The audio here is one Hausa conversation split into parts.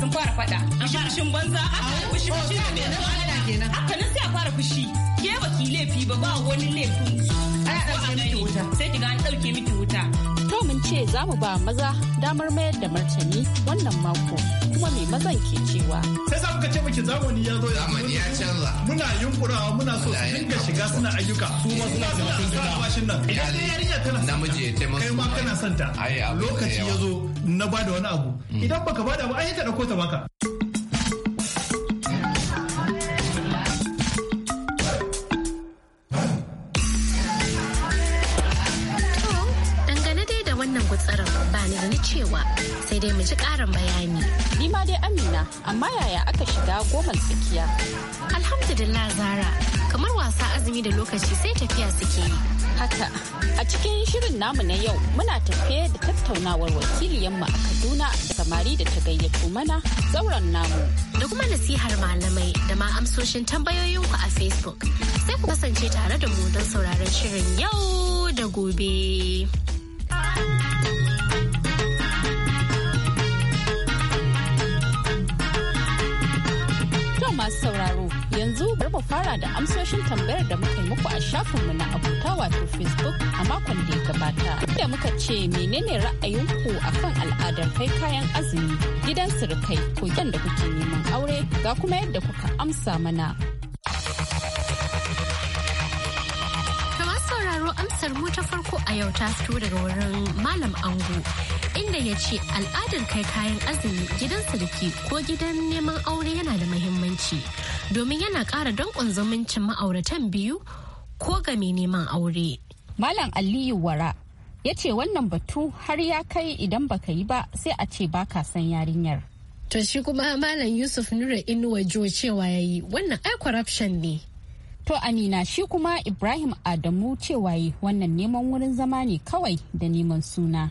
sun fara faɗa. Shin banza aka fushi fushi ne da wahala kenan. Haka nan sai a fara fushi. Ke baki laifi ba ba wani laifin. Ana ɗauke miki wuta. Sai ki ga an ɗauke miki wuta. ce za mu ba maza damar mayar da martani wannan mako kuma mai mazan ke cewa. Sai za ka ce muke zamani ya zo zamani ya canza. Muna yunkurawa muna so su dinga shiga suna ayyuka. Su ma suna ga bashin nan. Idan dai yarinya tana santa. Kai ma kana santa. Lokaci ya zo na da wani abu. Mm. Idan baka bada ba ai ka dauko ta baka. cewa sai dai mu ji ƙarin bayani. Ni ma dai Amina, amma yaya aka shiga goma tsakiya? Alhamdulillah Zara, kamar wasa azumi da lokaci sai tafiya suke yi. Haka, a cikin shirin namu na yau muna tafiye da tattaunawar wakiliyanmu a Kaduna da samari da ta gayyato mana zauren namu. Da kuma nasihar malamai da ma amsoshin tambayoyinku a Facebook. Sai ku kasance tare da mu don sauraron shirin yau da gobe. mu fara da amsoshin tambayar da muka muku a shafinmu na abota wato Facebook a makon da ya gabata. Inda muka ce menene ra'ayinku kan al'adar kai kayan azumi gidan surukai ko da kuke neman aure ga kuma yadda kuka amsa mana. kamar sauraro amsar mu ta farko a yau ta fito daga wurin Malam Ango inda ya ce al'adar kai kayan azumi gidan sarki ko gidan neman aure yana da mahimmanci domin yana ƙara danƙon zumuncin ma'auratan biyu ko ga mai neman aure. Malam Aliyu Wara ya ce wannan batu har ya kai idan baka yi ba sai a ce baka san yarinyar. To shi kuma Malam Yusuf Nura Inuwa Jo cewa ya yi wannan ai corruption ne. To Amina shi kuma Ibrahim Adamu cewa yi wannan neman wurin zama ne kawai da neman suna.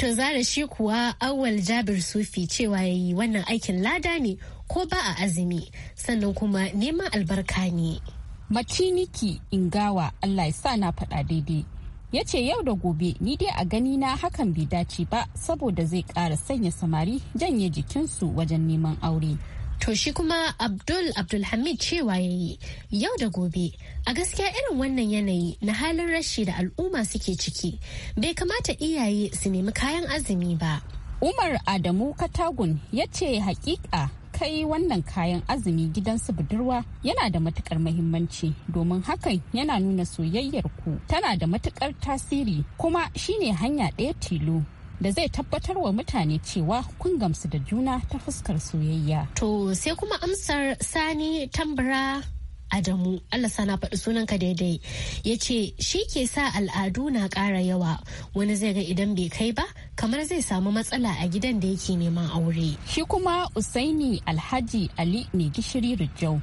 To zara shi kuwa awal jabir sufi cewa ya yi wannan aikin lada ne ko ba a azumi sannan kuma neman albarka ne. Maciniki Ingawa Allah ya sa na faɗa daidai. ya ce yau da gobe ni dai a gani na hakan bai dace ba saboda zai ƙara sanya samari janye jikinsu wajen neman aure. To shi kuma Abdul Abdulhamid cewa ya yi yau da gobe A gaskiya irin wannan yanayi na halin rashi da al'umma suke ciki bai kamata iyaye su nemi kayan azumi ba. Umar Adamu Katagun ya ce hakika kai wannan kayan azumi gidan su budurwa yana da matukar mahimmanci domin hakan yana nuna soyayyar ku tana da matukar tasiri kuma shine hanya ɗaya tilo da zai tabbatar wa mutane cewa kun gamsu da juna ta fuskar soyayya. To sai kuma amsar sani tambara Adamu Allah sana faɗi sunanka daidai ya ce shi ke sa al'adu na ƙara yawa wani zai ga idan bai kai ba kamar zai samu matsala a gidan da yake neman aure. Shi kuma Usaini Alhaji Ali ne gishiri Rijau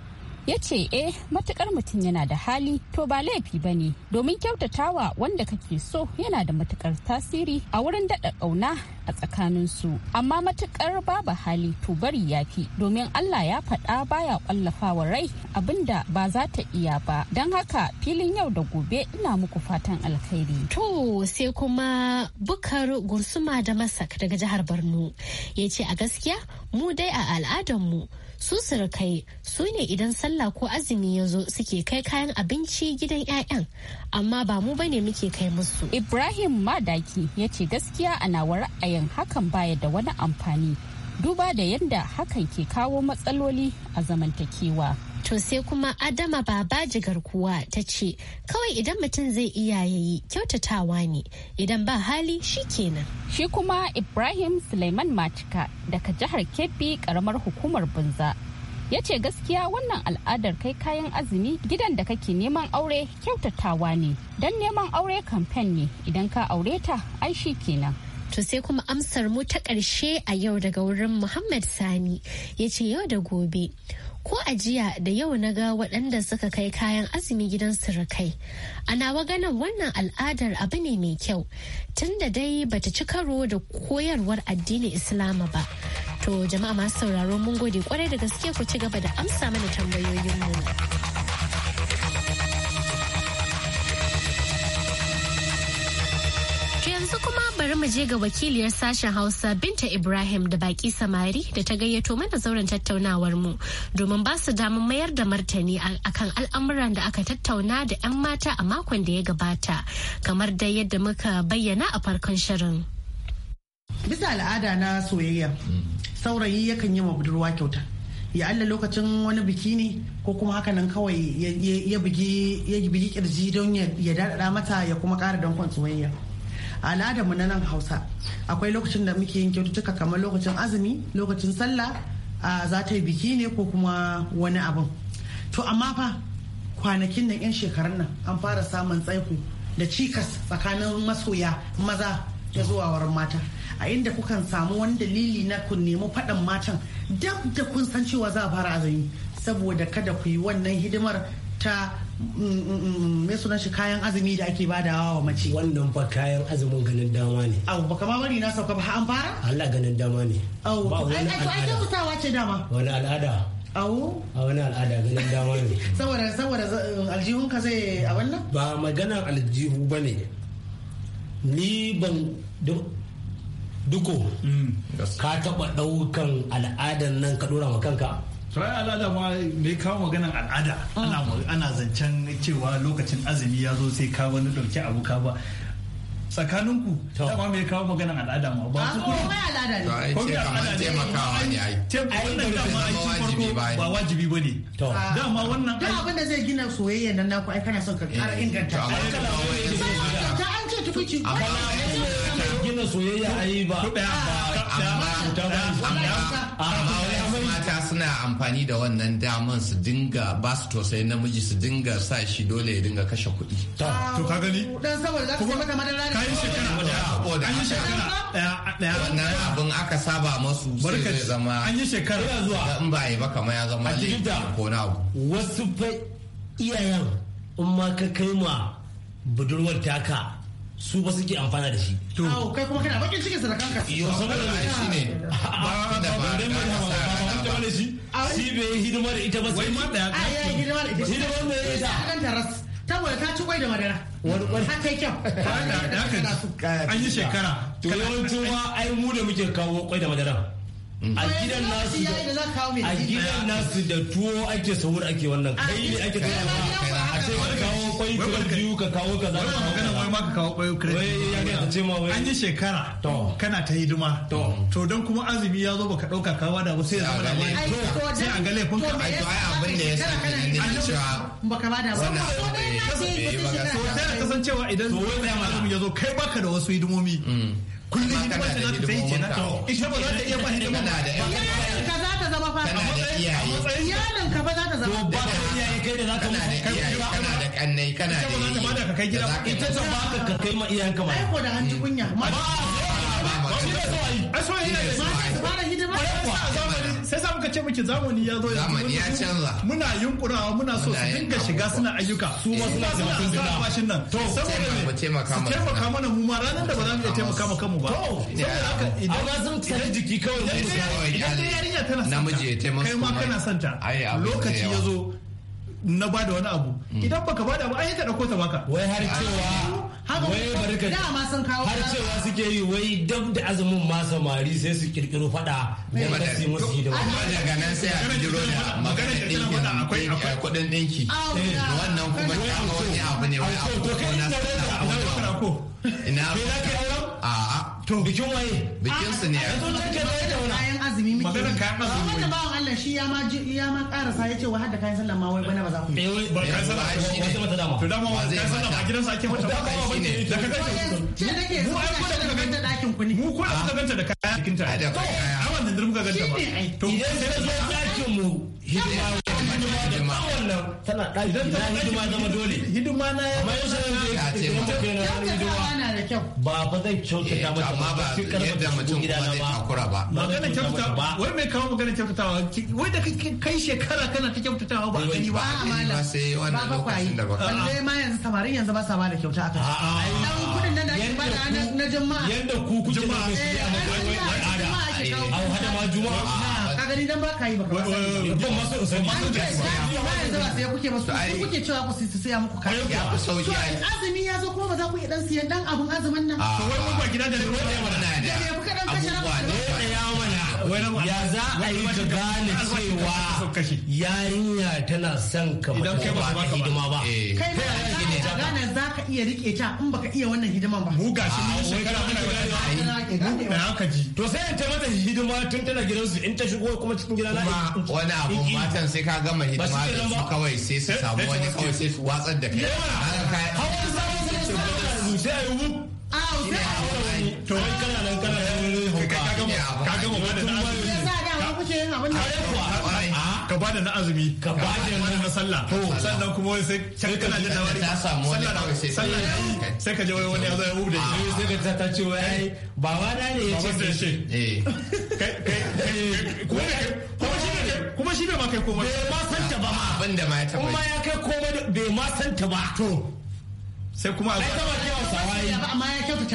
ya ce eh matukar mutum yana da hali to ba laifi ba ne domin kyautatawa wanda kake so yana da matukar tasiri a wurin daɗa ƙauna a su amma matukar babu hali to bari ya fi domin allah ya faɗa baya ƙwallafawa rai abinda ba za ta iya ba don haka filin yau da gobe ina muku fatan alkhairi to sai kuma bukar gursuma da masak daga jihar borno ya ce a gaskiya mu dai a al'adarmu mu su sirkai su ne idan sallah ko azumi ya zo suke kai kayan abinci gidan 'ya'yan amma ba mu bane muke kai musu ibrahim madaki ya ce gaskiya ana wa ra'ayin hakan baya da wani amfani duba da yadda hakan ke kawo matsaloli a zamantakewa To sai kuma Adama Babaji garkuwa ta ce, kawai idan mutum zai iya yayi kyautatawa ne, idan ba hali shi kenan. Shi kuma Ibrahim Suleiman Matika daga jihar Kebbi karamar hukumar Bunza. Ya ce gaskiya wannan al'adar kai kayan azumi gidan da kake neman aure kyautatawa ne, don neman aure kamfen ne idan ka aure ta ai shi kenan. To sai kuma amsar mu ta ƙarshe a yau daga wurin Muhammad Sani ya ce yau da gobe. ko a jiya da yau na ga waɗanda suka kai kayan azumi gidan surukai a nawa ganin wannan al'adar abu ne mai kyau tun da dai bata ci karo da koyarwar addinin islama ba to jama'a masu sauraro mun gode kwarai da gaske ku ci gaba da amsa mana tambayoyin mu yanzu kuma bari mu je ga wakiliyar sashen Hausa Binta Ibrahim da baki samari da ta gayyato mana zauren tattaunawar mu domin ba su damar mayar da martani akan al'amuran da aka tattauna da 'yan mata a makon da ya gabata kamar da yadda muka bayyana a farkon shirin. Bisa al'ada na soyayya, saurayi yakan yi wa budurwa kyauta. ya Allah lokacin wani biki ne ko kuma hakanan kawai ya bugi kirji don ya daɗaɗa mata ya kuma ƙara dankon soyayya al'adar mu na nan hausa akwai lokacin da muke yin kyaututtuka kamar lokacin azumi lokacin sallah za ta yi biki ne ko kuma wani abin to amma fa kwanakin nan 'yan shekarun nan an fara samun tsaiko da cikas tsakanin masoya maza da zuwa wurin mata a inda kukan samu wani dalili na kun nemi faɗan matan dab da kun san cewa za a fara azumi saboda kada ku yi wannan hidimar ta me sunan shi kayan azumi da ake badawa wa mace wannan fa kayan azumin ganin dama ne au baka ma bari na sauka ba an fara Allah ganin dama ne au ba wani al'ada ai ce dama wani al'ada awo a wani al'ada ganin dama ne saboda saboda ka zai a wannan ba maganar aljihu ba ne ni ban duko mm, ka taba daukan al'adan nan ka dora ma kanka tsoron al'ada ma mai kawo maganin al'ada ana zancen cewa lokacin azumi ya zo sai ka wani dauke abu ka ba tsakaninku dama mai kawo maganin al'ada ma ba su kuma al'ada ne ko ya al'ada taimakawa ne ai wannan dama ai farko ba wajibi ba ne dama wannan abin da zai gina soyayya nan naku ai kana son ka ƙara eh. inganta ta an ce tukuci amma nuna soyayya yi ba amma mata suna amfani da wannan daman su dinga ba su tosai namiji su dinga sa shi dole ya dinga kashe kuɗi to ka gani dan saboda za maka madara ne shekara da yi shekara daya wannan abin aka saba masu sai zai zama an yi shekara zuwa in ba yi ba kamar ya zama laifin ko na wasu fa iyayen in ma ka kai ma budurwar taka su ba suke amfana da shi. To, kai kuma kana bakin cikin sa da kanka. Yo, saboda ah. ne shi ne. Ba da ba da ba da ba da shi. Shi be hidima da ita ba sai. Wai ma da ya Ai, Hidima da ita. Hidima da ita. Kan taras. ras. ta ci kwai da madara. Wani kwai. Ta kai kyau. Da da haka an yi shekara. To yawancin ma ai mu da muke kawo kwai da madara. a gidan nasu a gidan nasu da tuwo ake sahur ake wannan kai ne ake tsayawa ce ka kawo kwai kiran biyu ka kawo ka za ka magana wai ma ka kawo kwai ya ga ce ma wai an yi shekara kana ta hidima to don kuma azumi ya zo baka dauka kawa da ba sai ya zama da sai an ga laifin ka ai to ai abin da ya sa ne cewa baka ba da ba sai ka san cewa idan azumi ya zo kai baka da wasu hidimomi mm. kullum hidima da za ta yi kenan ita ba za ta iya ba hidima ba ka za ta zama fa a matsayin iyalin ka ba za ta zama ba ka iyaye kai da za ka mutu kai gida kana da kannai kana da ita ba za ta bada ka kai gida ita ta baka ka kai ma iyayen ka ba ai ko da hanji kunya ma shi ne so ayi ai so ayi ne muka ce miki zamani ya zo zamani ya canza muna yunkurawa muna so su dinga shiga suna ayyuka su ma suna taimakon juna bashin nan to saboda mu taimaka mana taimaka mana mu ma ranar da ba za mu iya taimaka ma kanmu ba saboda haka idan ba zan tsare jiki kawai idan yarinya tana santa namiji ya taimaka kai ma kana santa lokaci ya zo na bada wani abu idan baka bada abu ai ka dauko ta baka wai har cewa wai bari ka har cewa suke yi wai dab da azumin ma samari sai su kirkiro fada da ba su musu hidima amma daga nan sai a kirkiro da magana dinki akwai akwai kudin dinki oh, eh. wannan kuma ta wani abu ne wai abu ko na ina ko A'a. To bikin waye? Bikin su ne. Yanzu nan ke bai da azumi muke. kayan azumi. Wanda Allah shi ya ma ya ma karasa ce wa kayan sallah ma wai ba za ku. Eh ba kayan sallah shi ne. dama. To dama kayan sallah ba gidansa ake mata ba. Shi ne. Da ka Ce nake so ka da ganta dakin ku ne. Mu ko da ganta da kayan To da ganta ba. To idan sai zo dakin mu hidima na hidima zama dole hidima na ya kyau ba ba zai kyautata eh, mata amma ba yadda mutum kuma zai takura ba magana ba wai mai kawo magana kyautatawa wai da kai shekara kana ta kyautatawa ba gani ba ba sai wannan lokacin da ba ka balle ma yanzu samarin yanzu ba sa ba da kyauta aka ai dan kudin nan da ake ba da na jama'a yanda ku kuke da su a magana eh, wai al'ada a hada ma juma'a gani dan ba ka yi ba ka ban ma so an ce ba ma yanzu ba sai kuke ba su kuke cewa ku su saya muku kaya ya ku sauki azumi ya zo kuma ba za ku iya dan siyan dan abun azumin nan ah. to wai mun ba gidan da ne wai ya da ya fuka dan kashe ya za a yi ka gane cewa yarinya tana son ka ba ta hidima ba eh. kai ba ka gane za ka iya rike ta in baka iya wannan hidiman ba mu gashi mun shekara muna gane da haka ji to sai ta mata hidima tun tana gidansu in ta shigo kuma cikin gida na wani abu matan sai ka gama hidima da su kawai sai su samu wani kawai sai su watsar da kai hawan sabon sai su sai a a to wai kana nan kana nan hauka ka gama ka gama ba da na azumi da kuke yin abin da ka ba da na azumi ka ba da yanzu na sallah sannan kuma wai sai can kana jin labari sallah da sai ka je wai wani ya zo ya hude sai ka ta ta ce wai baba na ne ya ce kai kai kuma shi ne kuma shi ne ma kai komai bai ma santa ba ma abin da ma ya tabbata kuma ya kai komai bai ma santa ba to sai kuma a ta bakin hausawa yi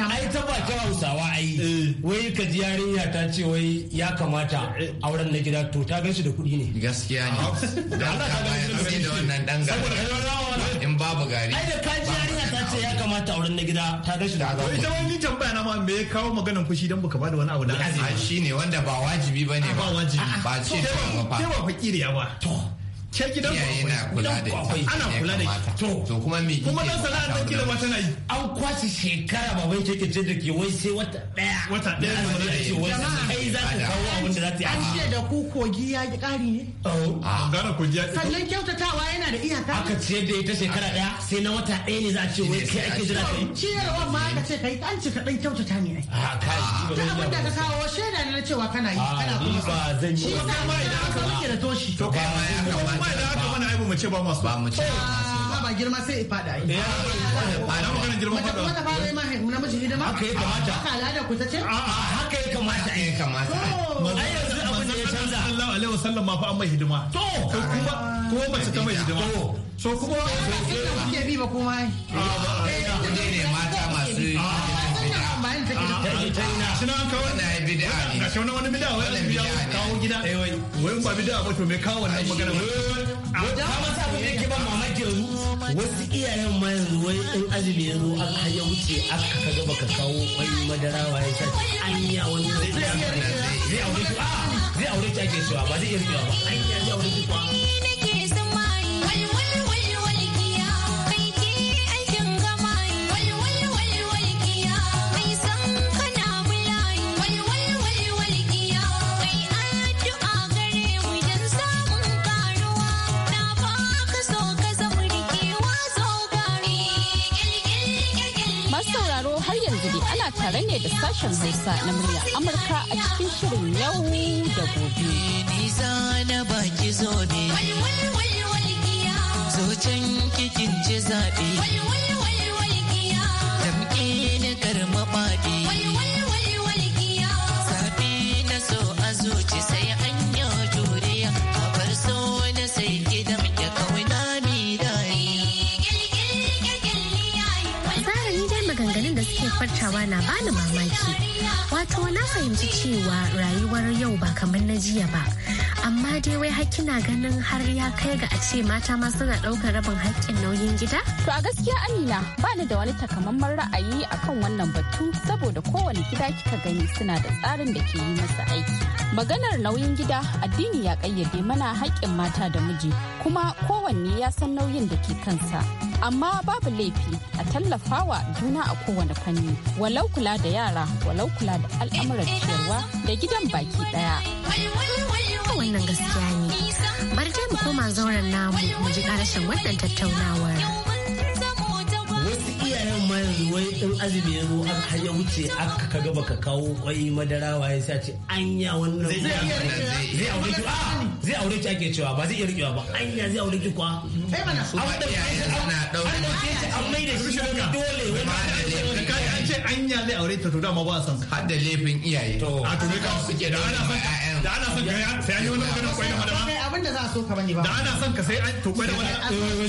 ai ta bakin hausawa yi eh. wai ka ji yarinya ta ce wai ya kamata eh. auren na gida to ta ganshi da kuɗi ne gaskiya ne da Allah ka ganshi da wannan dan gari in babu gari ai da ka ji yarinya ta ce ya kamata auren na gida ta ganshi da azaba ita wani tambaya na ma me ya kawo maganan fushi dan baka bada wani abu da azaba shine wanda ba wajibi bane ba ba wajibi ba ce ba ba ba ba ba ke gidan kwakwai ana kula da to kuma me kuma dan sana'a ta kila ba tana yi an kwace shekara ba wai ke kace da ke wai sai wata daya wata daya ne wanda ce wai kai za ka kawo abin da za ta yi an ce da ku kogi ya ki kari ne oh. ah. gara kogi ya sannan kyautatawa yana da iyaka aka ce da ita shekara daya sai na wata daya ne za a ce wai kai ake jira kai ciyarwa ma aka ce kai an ce ka dan kyautata ne ai a ah, kai ta abin da ka kawo shaida ne na cewa kana yi kana ah, kuma ba zan yi ba ma amma idan aka mana aibu mu ce ba masu ba mu ce ba Ba girma sai ya fada ai eh, ba na magana girma fada mata fara ma namiji hidima haka ya kamata haka al'ada ku ta ce A haka ya kamata eh, ai kamata ai yanzu abin da ya canza Allah alaihi wasallam ma fa an mai hidima to kuma ko mace ta mai hidima so kuma kuke bi ba kuma ai eh, ne mata masu hidima ba ta ah, ah, ah. ina suna kawai bid'a ne wani bid'a wai an kawo gida eh wai wai ba bid'a ba to me kawo wannan magana wai da ma sa abin yake ba mamaki yanzu wasu iyayen ma yanzu wai in azumi yanzu aka ya wuce aka kaga baka kawo wani madara waye sa an yi a wani zai zai aure ki a zai aure ki ake ba zai iya ba aure ki tare ne da sashen Hausa na murya Amurka a cikin shirin yau da gobe. na baki zo ne. Zo can kikin ci zaɓe. fahimci cewa rayuwar yau ba kamar na jiya ba amma dai wai har kina ganin har ya kai ga a ce mata ma suna ɗaukar rabin haƙƙin nauyin gida? To a gaskiya Amina ba ni da wani takamaiman ra'ayi a kan wannan batu saboda kowane gida kika gani suna da tsarin da ke yi masa aiki. Maganar nauyin gida addini ya ƙayyade mana haƙƙin mata da miji kuma kowanne ya san nauyin da ke kansa. amma babu laifi a tallafawa juna a kowane fanni walau kula da yara walau kula da al'amuran ciyarwa da gidan baki daya wannan gaskiya ne bari mu koma zauren namu mu ji karashin wannan tattaunawar iyayen ma yanzu wai in azumi ya zo har ya wuce aka kaga baka kawo kwai madara waye sai ce anya wannan zai zai aure ki a ah, zai aure ki ake cewa ba zai iya rikewa ba anya zai aure ki kwa eh mana an dauke shi an mai da shi dole wani ka ce anya zai aure ta to dama ba san har da laifin iyaye to a to ne ka suke da ana san da ana son ka sai an yi wani kwai da madama abin da za a so ka bani ba da ana son ka sai an to kwai da wani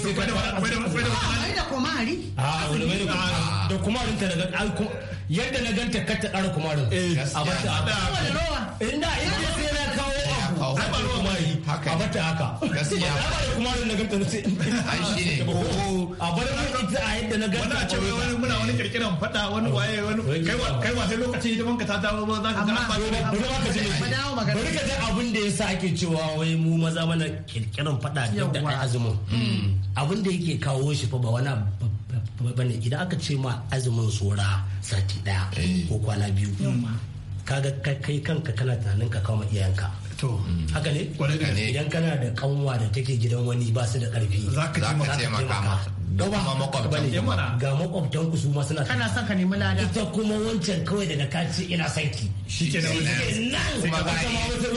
kwai da wani kwai da wani da kumari a ah, ah, wani da kumarin ta daga yadda na ganta ka ta ƙara kumarin eh, a ba ta a da ina ina sai na kawo abu ta haka gaskiya ba da kuma na ganta sai ai shine ko a bar mu ita a yadda na ganta wannan ce wani muna wani kirkiran fada wani waye wani kai wa kai wa sai lokacin da banka ta dawo ba za ka ga ba bari ka ji bari ka ji abin da yasa ake cewa wai mu maza mana kirkiran fada da ai azumin hmm. abin da yake kawo shi fa ba wani bane idan aka ce ma azumin sora sati daya eh. ko kwana biyu kaga kai kanka kana tunanin ka kawo iyayenka to haka ne idan kana da kanwa da take gidan wani ba su da karfi za ka taimaka ma da kuma makwabtan ga makwabtan ku su ma suna kana son ka nemi lada ita kuma wancan kawai daga ka ce ina son ki shi ke nan kuma ba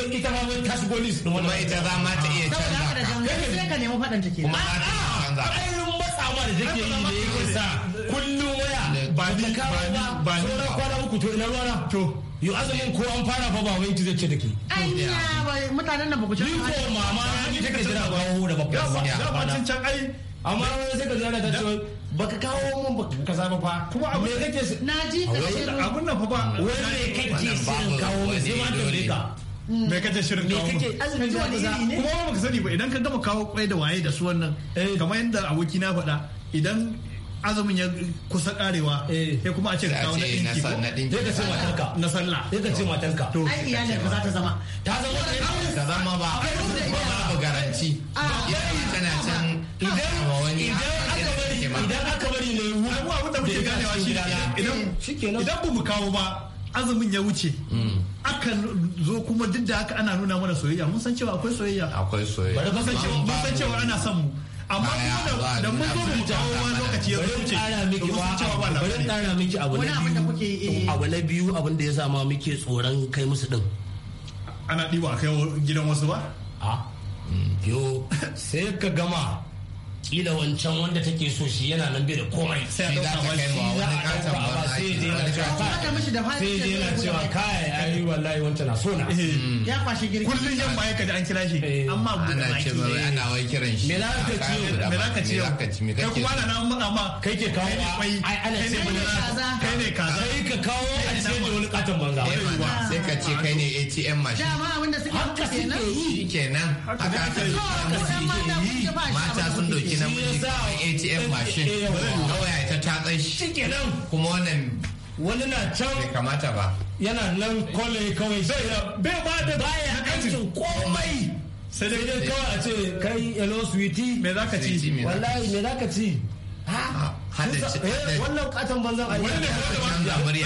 ita ma wata shigo list kuma ita za ma ta iya canza ka sai ka nemi faɗan take kuma ba ta canza matsawa da take yi ne yake sa ba ni ba ni ba ni sauran kwana uku to ina ruwana to yau azumin ko an fara fa ba wai ki zai ce da ke anya mutanen da ba ku ci ni ko mama na ni take jira ba da babban wani ya ba cin can ai amma wani sai ka jira ta ce baka kawo mun ba kaza ba fa kuma abu ne kake na ji ka ce abun nan fa ba wai ne kake shirin kawo mai mm. sai ma da ka me kake shirin kawo mu kuma ba ka sani ba idan ka gama kawo kwai da waye da su wannan eh. kamar yadda aboki na faɗa idan azumin ya kusa karewa ya eh. kuma a ce ka kawo na dinki sai ka ce matarka na sallah sai ka ce matarka to ai iyalin ka za ta zama ta zama ta zama ba ba garanci idan tana can idan idan idan aka bari ne abubuwa da muke ganewa shi idan eh, idan ba mu kawo ba azumin ya wuce hmm. aka zo kuma duk da haka ana nuna mana soyayya mun san cewa akwai soyayya akwai soyayya mun san cewa ana son mu amma kuma da mun zo mu jawo wani lokaci ya zo ce bari tsara miki abu na biyu abu na biyu abin da ya sama muke tsoron kai musu din ana ɗiba kai gidan wasu ba a mm, yo sai ka gama kila wancan wanda take so shi yana nan bai da komai sai da ta kai ma wani katon ba sai je na cewa sai je na cewa kai ai wallahi wancan na sona eh. ya kwashi girki kullun yamma ya kaji an kira shi eh. amma ana kira ana wai kiran shi me za ka ci me za ka ci kai kuma na nan maka kai ke kawo ai ana ce mun kai ne kaza kai ka kawo a ce da wani katon banza sai ka ce kai ne ATM machine dama abinda suke haka kenan kenan haka aka yi mata sun doki namiji kamar ATM machine kawai ta tatsan shi kenan kuma wannan wani na can bai kamata ba yana nan kole kawai bai ba da baya hakancin komai sai dai kawai a ce kai hello sweetie me zaka ci wallahi me zaka ci ha wannan katon banzan aiki wani ne kuma da wani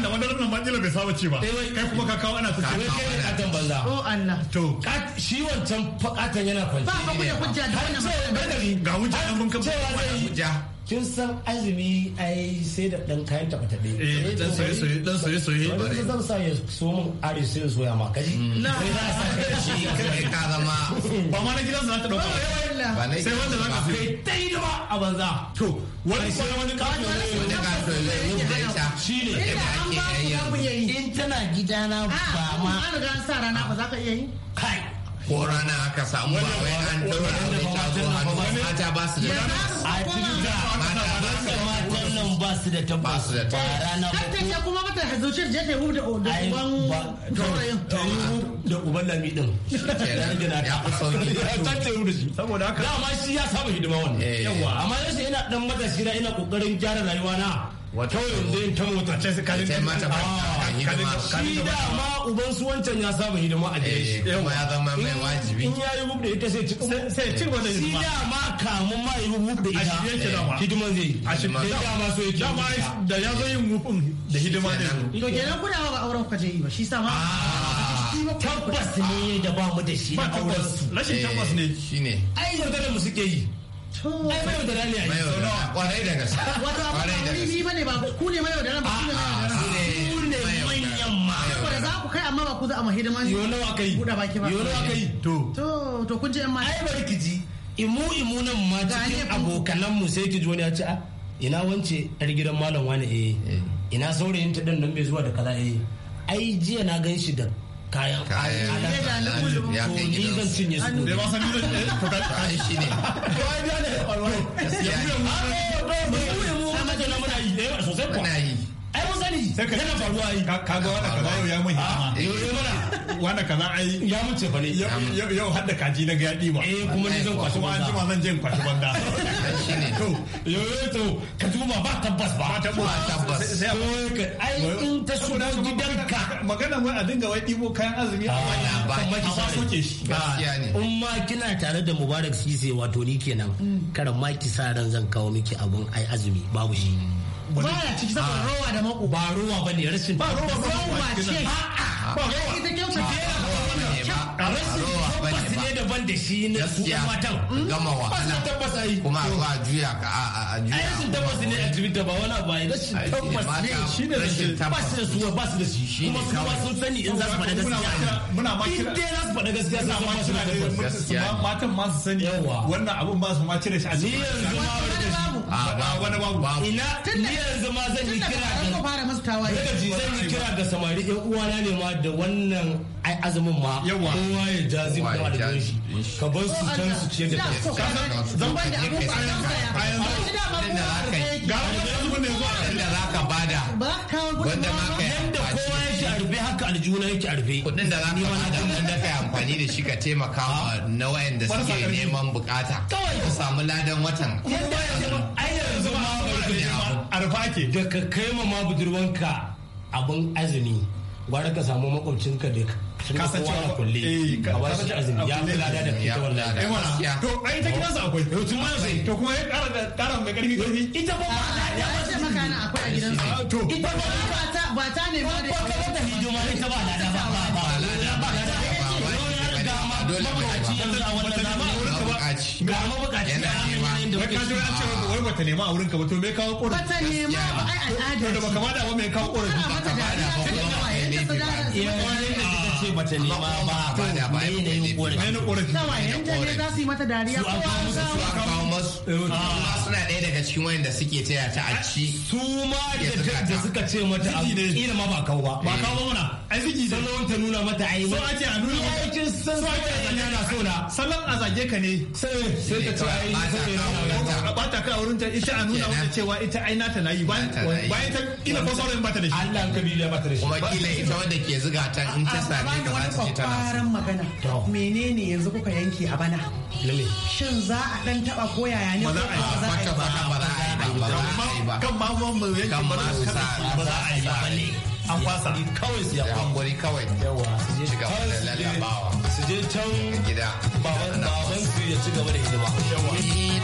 da wani rana majila bai saba ci ba kai kuma ka kawo ana kuce wai kai katon banza oh Allah to shi wancan katon yana kwanci ba ba ku da hujja da wannan ga hujja dan kun ka ba hujja kin san azumi ai sai da dan kayan taɓa taɓe. dai dan soye soye dan soye soye. Wani zan sa ya so mun are sai ya maka ma kaji. Mm. Na sai za sa shi kai ka zama. Ba ma na gidan sa ta dauka. Sai wanda zaka ka kai dai da ba a banza. To wani sai wani ka to wani ka so ne mun gaita. Shine in tana gidana ah, ba ma. An ga sa rana ba za ka iya yi. Kai ko rana aka samu ba wai an daura wani ta zo hannu mata ba su da a tilda mata nan ba su da tabbas ba da rana ba ta kuma mata ta yi da uban da uban lami din ya fi sauki ta ce da shi saboda haka shi ya saba hidima wannan eh. yawa amma ina dan matashi ina kokarin gyara rayuwa na wato yanzu ta motsa su kalin ta mata ba shi da uban su wancan ya saba hidima a gare shi eh, kuma ya zama mai wajibi in yayi gub da ita sai ci sai ci gwada shi da ma kamun ma yi gub da ita eh, hidiman zai a shi da ma so yake da da ya zo yin gubin da hidima ne to kenan kuna ba auren kwaje yi ba shi sa ma ah, tabbas ne da ba mu da shi na auren su rashin tabbas ne eh, shine ai yaudarar mu suke yi ai mai da ba ne ba ne ma kai kai to ji imu imu nan ma cikin abokanan sai ki ji wani ya ce a ah, ina wance yar gidan malam wani eh. eh ina saurayin ta dan nan mai zuwa da kaza eh ai jiya na gan shi da kayan zan cinye ne ai mun sani yana faruwa Ka ga wanda kaza yau ya mun hidima ah, wanda kaza ai ya mun cefa ne yau hadda kaji na ga ya ma eh kuma ni zan kwashi ba anjima zan je kwashi banda to yau yau to ka duba ba tabbas ba ba tabbas Sai ka ai in ta shiga gidanka magana mai a dinga wai dibo kayan azumi a wani ah, ba ki sa soke shi in ma kina tare da mubarak sise wato ni kenan mm. karan ma ki sa ran zan kawo miki abun ai azumi babu shi mm. baya ciki saboda ah. rowa da mako ba rowa bane rashin ba rowa ba rowa ce ba rowa ita kyauta ce a rashin tabbas ne daban da shi na su matan gama wa ba tabbas ai kuma a juya ka a juya rashin tabbas ne a twitter ba wani abu rashin tabbas ne shi ne rashin tabbas ba su da su ba su da shi kuma su sun sani in za su faɗa gaskiya muna ma in dai za su faɗa gaskiya sun su da tabbas matan ma su sani wannan abun ba su ma cire shi a cikin yanzu wani babu ina ni yanzu ma zan yi kira ga zan yi kira ga samari yan uwana ne ma da wannan ai azumin ma kowa ya ja zai kuma da gunshi ka bar su can su ciye da kansu zan ban da abun ba ga wani azumin ne zuwa da za ka bada wanda ma ka yanda kowa haka aljuna yake a rufe kuɗin da za ka bada mun da kai amfani da shi ka taimaka ma ah. na wayanda suke neman bukata kawai ka samu ladan watan ai yanzu ma arfa ke da ka kai budurwanka abin azumi gwara ka samu makwabcinka da ka san cewa a ba da a a nema a wurinka ba to me kawo korafi bata nema ba ai al'ada to da baka bada ba me kawo korafi baka bada ba kuma ba ya ne ba ce bata nema ba menene korafi nawa yan ne za su yi mata dariya ko an kawo masu eh, suna ɗaya daga cikin wanda suke taya ta a ci su ma da suka ce mata a ina ma ba kawo ba ba eh. kawo mana ai suke salon ta nuna mata ai so ake a nuna aikin san so ake a zage na so na salon a zage ka ne sai ka ce ai a bata ka wurin ta ita a nuna wata cewa ita ai nata nayi bayan ta ina ba sauran bata da shi Allah kabila bata da shi kuma kila ita wanda ke zuga ta in ta sami bani wani kwakwaran magana menene yanzu kuka yanke a bana shin za a dan taba ko yaya ne ba za a yi ba kan ma mu yanke ba za a yi ba an kwasa kawai su yawa hangwari kawai yawa su je kawai su je su je can gida baban baban su ya ci gaba da hidima yawa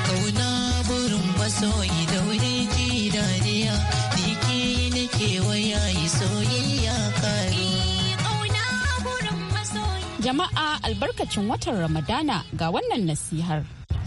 kauna burin baso da wuri ji dariya ni ke yi ne nake waya yi soyayya kare Jama'a albarkacin watan Ramadana ga wannan nasihar.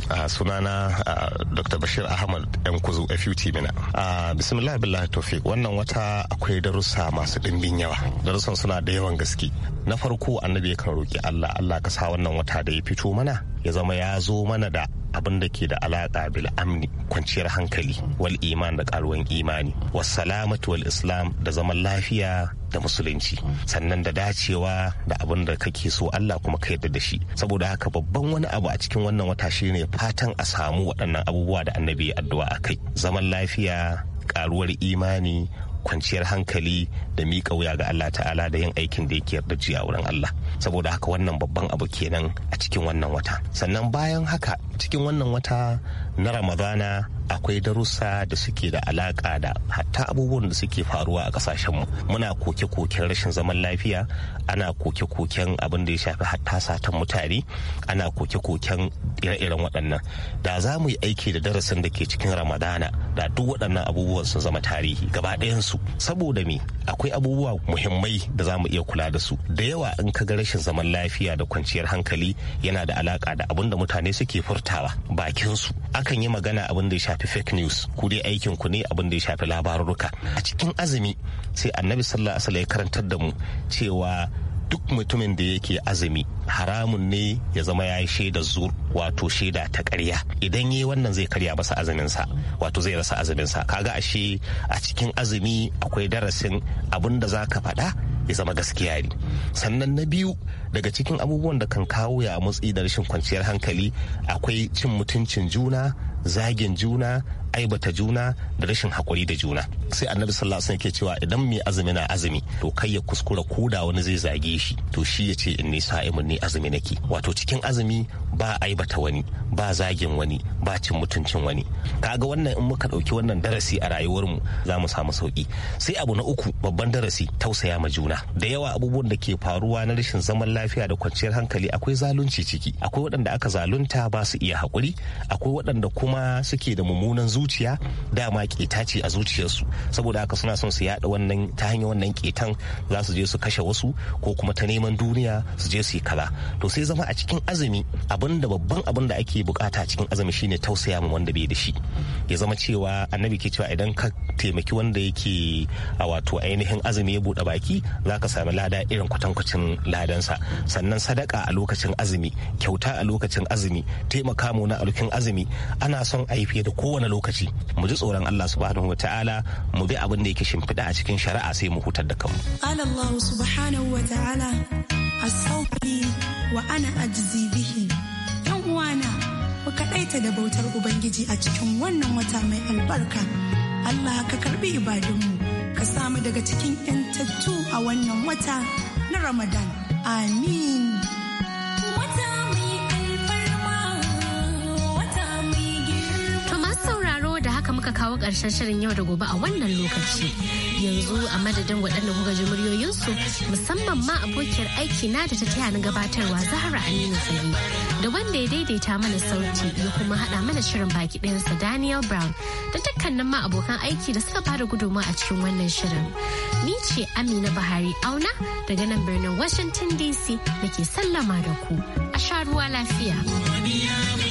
uh, sunana uh, dr bashir ahmad yan kuzu fut mina a uh, bismillah billah tofi wannan wata akwai darussa masu dimbin yawa darussan suna da yawan gaske na farko annabi yakan roki allah allah ka sa wannan wata da ya fito mana ya zama ya zo mana da abin da ke da alaƙa bil amni kwanciyar hankali wal iman da karuwan imani waSalamatu salamatu wal islam da zaman lafiya da musulunci sannan da dacewa da abin da kake so Allah kuma ka yarda da shi saboda haka babban wani abu a cikin wannan wata shine fatan a samu waɗannan abubuwa da annabi addu'a kai. zaman lafiya karuwar imani kwanciyar hankali da miƙa wuya ga Allah ta'ala da yin aikin da yake yarda ji a wurin Allah saboda haka wannan babban abu kenan a cikin wannan wata sannan bayan haka cikin wannan wata na ramadana akwai darussa da suke da alaka da hatta abubuwan da suke faruwa a kasashenmu muna koke-koken rashin zaman lafiya ana koke-koken abin da ya shafi hatta satan mutane ana koke-koken ire-iren waɗannan da za mu yi aiki da darasin da ke cikin ramadana da duk waɗannan abubuwan sun zama tarihi gaba ɗayansu saboda me akwai abubuwa muhimmai da za mu iya kula da su da yawa in ka ga rashin zaman lafiya da kwanciyar hankali yana da alaka da abin da mutane suke furtawa bakinsu akan yi magana abin da ya shafi fake news ku dai aikin ku ne abin da ya shafi labarurruka. a cikin azumi sai annabi sallallahu alaihi ya karantar da mu cewa duk mutumin da yake azumi haramun ne ya zama ya shaida zur wato shaida ta karya idan yi wannan zai karya masa azuminsa wato zai rasa azuminsa kaga ashe a cikin azumi akwai darasin abin da za ka faɗa ya zama gaskiya ne sannan na biyu daga cikin abubuwan da kan kawo ya mutsi da rashin kwanciyar hankali akwai cin mutuncin juna zagin juna aibata juna da rashin hakuri da juna sai annabi sallallahu alaihi wasallam ke cewa idan mai azumi na azumi to kai ya kuskura ko da wani zai zage shi to shi ya ce in ni sa'imun ni azumi nake wato cikin azumi ba aibata wani ba zagin wani ba cin mutuncin wani kaga wannan in muka dauki wannan darasi a rayuwarmu za mu samu sauki sai abu na uku babban darasi tausaya ma juna da yawa abubuwan da ke faruwa na rashin zaman lafiya da kwanciyar hankali akwai zalunci ciki akwai waɗanda aka zalunta ba su iya haƙuri akwai waɗanda kuma suke da mummunan zuciya zuciya dama keta ce a zuciyarsu saboda haka suna son su yada wannan ta hanyar wannan ketan za su je su kashe wasu ko kuma ta neman duniya su je su yi kaza to sai zama a cikin azumi abinda babban abin da ake bukata a cikin azumi shine tausaya ma wanda bai da shi ya zama cewa annabi ke cewa idan ka taimaki wanda yake a wato ainihin azumi ya bude baki za ka sami lada irin kwatankwacin ladansa sannan sadaka a lokacin azumi kyauta a lokacin azumi taimaka mu na a azumi ana son a yi fiye da kowane lokaci lokaci mu ji tsoron Allah subhanahu wataala mu bi abin da yake shimfiɗa a cikin shari'a sai mu hutar da kanmu qala Allah subhanahu wataala as wa ana ajzi bihi yan uwana ku kadaita da bautar ubangiji a cikin wannan wata mai albarka Allah ka karbi ibadunmu ka samu daga cikin 'yantattu a wannan wata na Ramadan amin muka kawo ƙarshen shirin yau da gobe a wannan lokaci. Yanzu a madadin waɗanda kuka ji muryoyinsu musamman ma abokiyar aiki na da ta taya ni gabatarwa Zahra Aminu Fage da wanda ya daidaita mana sauti ya kuma haɗa mana shirin baki ɗayansa Daniel Brown da dukkanin ma abokan aiki da suka bada gudunmawa a cikin wannan shirin. Ni ce Amina bahari Auna daga nan birnin Washington DC da ke sallama da ku. A sha ruwa lafiya.